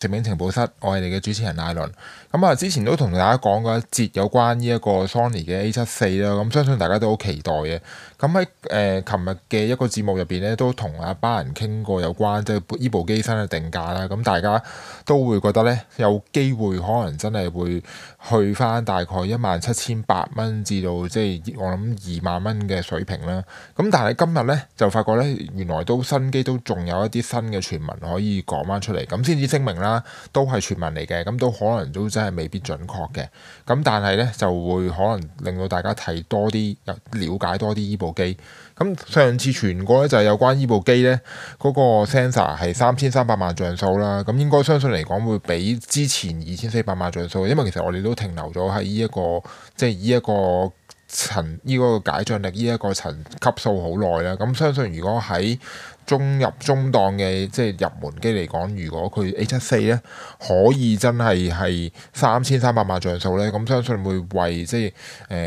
攝影情報室，我哋嘅主持人艾倫。咁、嗯、啊，之前都同大家講過一節有關呢一個 Sony 嘅 A 七四啦，咁相信大家都好期待嘅。咁喺誒，琴、呃、日嘅一個節目入邊咧,都同阿班人傾過有關，即係呢部機身嘅定價啦。咁、嗯、大家都會覺得咧，有機會可能真係會去翻大概一萬七千八蚊至到即係我諗二萬蚊嘅水平啦。咁、嗯、但係今日咧就發覺咧，原來都新機都仲有一啲新嘅傳聞可以講翻出嚟，咁先至聲明啦。都係傳聞嚟嘅，咁都可能都真係未必準確嘅，咁但係咧就會可能令到大家睇多啲，有了解多啲呢部機。咁上次傳過咧就係有關呢部機咧嗰個 sensor 係三千三百萬像素啦，咁應該相信嚟講會比之前二千四百萬像素，因為其實我哋都停留咗喺呢一個即係呢一個。就是這個，層呢、這個解像力呢一、這個層級數好耐啦，咁、嗯、相信如果喺中入中檔嘅即係入門機嚟講，如果佢 A 七四咧可以真係係三千三百萬像素咧，咁、嗯、相信會為即係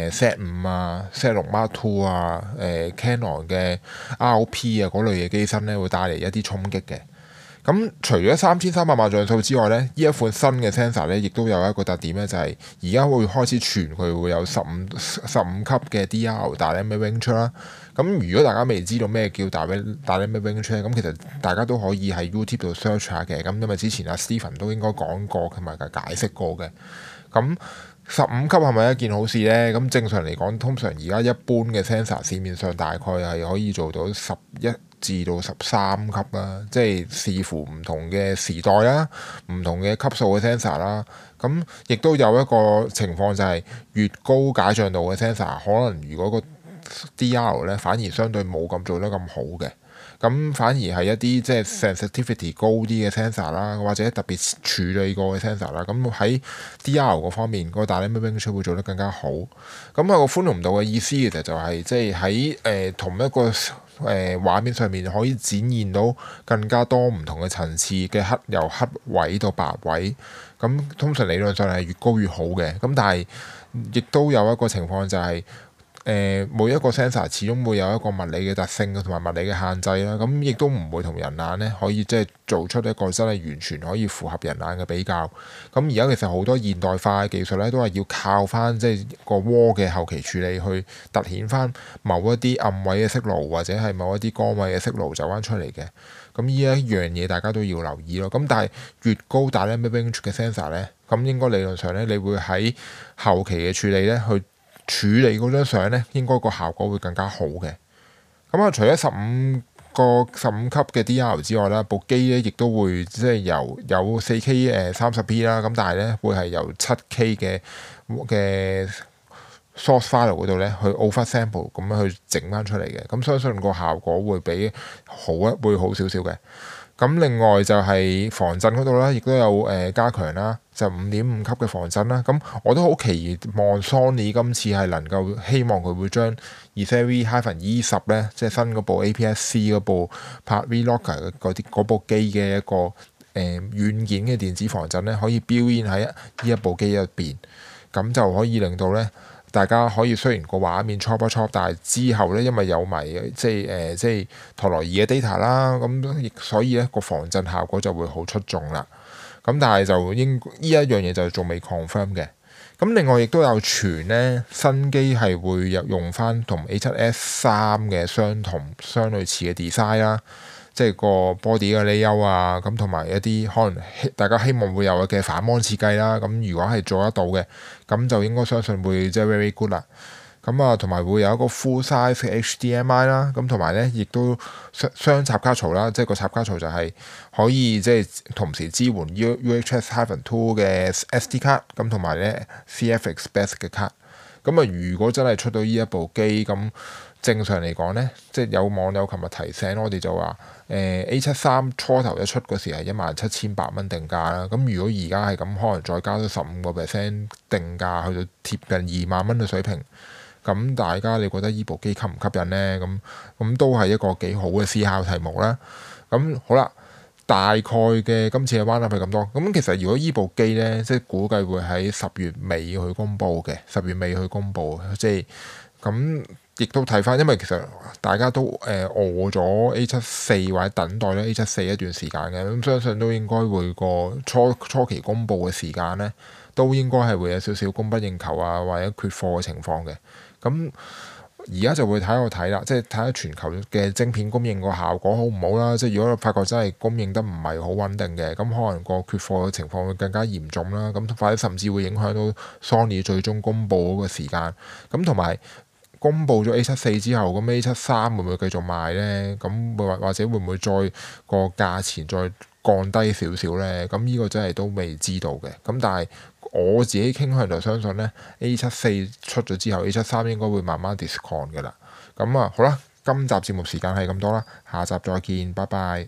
誒 Z 五啊 Z 六 Mark Two 啊誒、呃、Canon 嘅 RP 啊嗰類嘅機身咧會帶嚟一啲衝擊嘅。咁除咗三千三百萬像素之外咧，呢一款新嘅 sensor 咧，亦都有一個特點咧，就係而家會開始傳佢會有十五十五級嘅 DR dynamic range 啦。咁如果大家未知道咩叫 dynamic range 咁其實大家都可以喺 YouTube 度 search 下嘅。咁因為之前阿、啊、Stephen 都應該講過同埋解釋過嘅。咁十五級係咪一件好事咧？咁正常嚟講，通常而家一般嘅 sensor 市面上大概係可以做到十一。至到十三級啦，即係視乎唔同嘅時代啦，唔同嘅級數嘅 sensor 啦，咁亦都有一個情況就係，越高解像度嘅 sensor，可能如果個 DR 咧，反而相對冇咁做得咁好嘅。咁反而係一啲即係 sensitivity 高啲嘅 sensor 啦，或者特別處理過嘅 sensor 啦，咁喺 D R 嗰方面，個 dynamic range 會做得更加好。咁啊，個寬容度嘅意思其實就係即係喺誒同一個誒、呃、畫面上面可以展現到更加多唔同嘅層次嘅黑，由黑位到白位。咁通常理論上係越高越好嘅。咁但係亦都有一個情況就係、是。誒每一個 sensor 始終會有一個物理嘅特性同埋物理嘅限制啦，咁亦都唔會同人眼咧可以即係做出一個真係完全可以符合人眼嘅比較。咁而家其實好多現代化嘅技術咧，都係要靠翻即係個窩嘅後期處理去凸顯翻某一啲暗位嘅色路，或者係某一啲光位嘅色路走翻出嚟嘅。咁呢一樣嘢大家都要留意咯。咁但係越高大嘅 megapixel 嘅 sensor 咧，咁 應該理論上咧你會喺後期嘅處理咧去。處理嗰張相咧，應該個效果會更加好嘅。咁啊，除咗十五個十五級嘅 DR 之外啦，部機咧亦都會即係由有四 K 誒三十 P 啦，咁但係咧會係由七 K 嘅嘅 source file 嗰度咧去 over sample 咁樣去整翻出嚟嘅。咁相信個效果會比好，好一會好少少嘅。咁另外就係防震嗰度啦，亦都有誒加強啦。就五點五級嘅防震啦，咁我都好期望 Sony 今次係能夠希望佢會將 ZV-E10 h h e i 咧、e，即係新嗰部 APS-C 嗰部拍 Vlog 嘅嗰啲嗰部機嘅一個誒、呃、軟件嘅電子防震咧，可以表現喺呢一部機入邊，咁就可以令到咧大家可以雖然個畫面 crop crop 但係之後咧因為有埋即係誒、呃、即係陀螺儀嘅 data 啦，咁亦所以咧個防震效果就會好出眾啦。咁但係就應依一樣嘢就仲未 confirm 嘅。咁另外亦都有傳咧，新機係會有用翻同 A 七 S 三嘅相同相類似嘅 design 啦，即係個 body 嘅 layout 啊，咁同埋一啲可能大家希望會有嘅反芒設計啦。咁如果係做得到嘅，咁就應該相信會即係 very good 啦。咁啊，同埋會有一個 Full Size HDMI 啦，咁同埋咧，亦都雙插卡槽啦，即係個插卡槽就係可以即係同時支援 U UHS Type Two 嘅 SD 卡，咁同埋咧 CFexpress 嘅卡。咁啊，如果真係出到呢一部機，咁正常嚟講咧，即係有網友琴日提醒我哋就話，誒、呃、A 七三初頭一出嗰時係一萬七千八蚊定價啦，咁如果而家係咁，可能再加多十五個 percent 定價，去到貼近二萬蚊嘅水平。咁大家你覺得呢部機吸唔吸引呢？咁咁都係一個幾好嘅思考題目啦。咁好啦，大概嘅今次嘅 wrap up 係咁多。咁其實如果呢部機呢，即係估計會喺十月尾去公佈嘅，十月尾去公佈，即係咁。亦都睇翻，因為其實大家都誒餓咗 A 七四或者等待咗 A 七四一段時間嘅咁，相信都應該會個初初期公佈嘅時間咧，都應該係會有少少供不應求啊，或者缺貨嘅情況嘅咁。而家，嗯，就會睇我睇啦，即係睇下全球嘅晶片供應個效果好唔好啦。即係如果你發覺真係供應得唔係好穩定嘅，咁，嗯，可能個缺貨嘅情況會更加嚴重啦。咁，嗯，或者甚至會影響到 Sony 最終公佈嗰個時間咁，同埋，嗯。公佈咗 A 七四之後，咁 A 七三會唔會繼續賣咧？咁或或者會唔會再個價錢再降低少少咧？咁呢個真係都未知道嘅。咁但係我自己傾向就相信咧，A 七四出咗之後，A 七三應該會慢慢 discount 噶啦。咁啊，好啦，今集節目時間係咁多啦，下集再見，拜拜。